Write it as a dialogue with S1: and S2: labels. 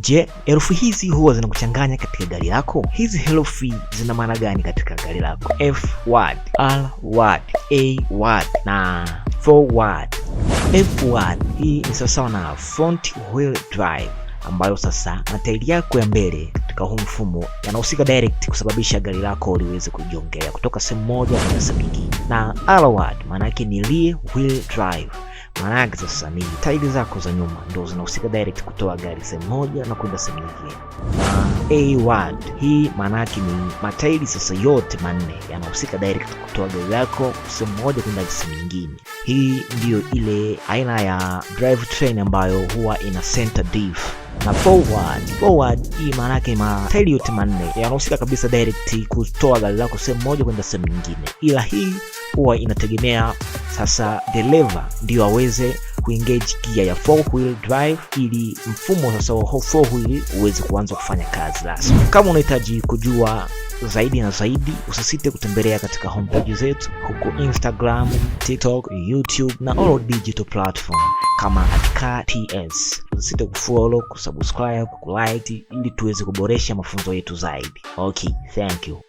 S1: Je, herufi hizi huwa zinakuchanganya katika gari lako? Hizi herufi zina maana gani katika gari lako? F word, R word, A word na word. F word hii ni sawasawa na front wheel drive ambayo sasa matairi yako ya mbele katika huu mfumo yanahusika direct kusababisha gari lako liweze kujongea kutoka sehemu moja kwenda sehemu nyingine, na R word maana yake ni rear wheel drive Maanake sasa ni tairi zako za nyuma ndo zinahusika direct kutoa gari sehemu moja na kwenda sehemu nyingine. a word hii maanake ni matairi sasa yote manne yanahusika direct kutoa gari lako sehemu moja kwenda sehemu nyingine. Hii ndiyo ile aina ya drive train ambayo huwa ina center diff na forward. Forward hii maana yake matairi yote manne yanahusika kabisa direct kutoa gari lako sehemu moja kwenda sehemu nyingine, ila hii huwa inategemea sasa dereva ndio aweze kuengage gia ya four wheel drive ili mfumo sasa wa four wheel uweze kuanza kufanya kazi rasmi. Kama unahitaji kujua zaidi na zaidi, usisite kutembelea katika homepage zetu huko Instagram, TikTok, YouTube na all digital platform kama @carTS. Usisite kufollow, kusubscribe, kulike ili tuweze kuboresha mafunzo yetu zaidi. Okay, thank you.